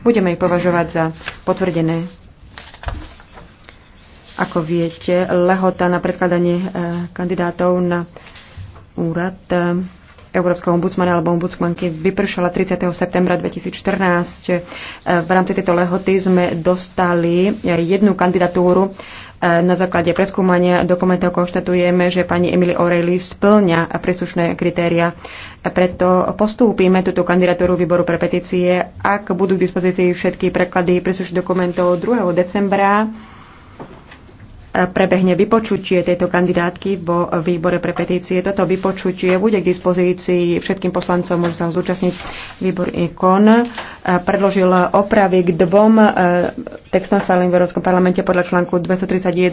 Budeme ich považovať za potvrdené. Ako viete, lehota na predkladanie e, kandidátov na úrad e, Európskeho ombudsmana alebo ombudsmanky vypršala 30. septembra 2014. E, v rámci tejto lehoty sme dostali jednu kandidatúru na základe preskúmania dokumentov konštatujeme, že pani Emily O'Reilly splňa príslušné kritéria. Preto postúpime túto kandidatúru výboru pre petície, ak budú k dispozícii všetky preklady príslušných dokumentov 2. decembra prebehne vypočutie tejto kandidátky vo výbore pre petície. Toto vypočutie bude k dispozícii všetkým poslancom, môžu sa zúčastniť výbor IKON predložil opravy k dvom e, textom stálym v Európskom parlamente podľa článku 231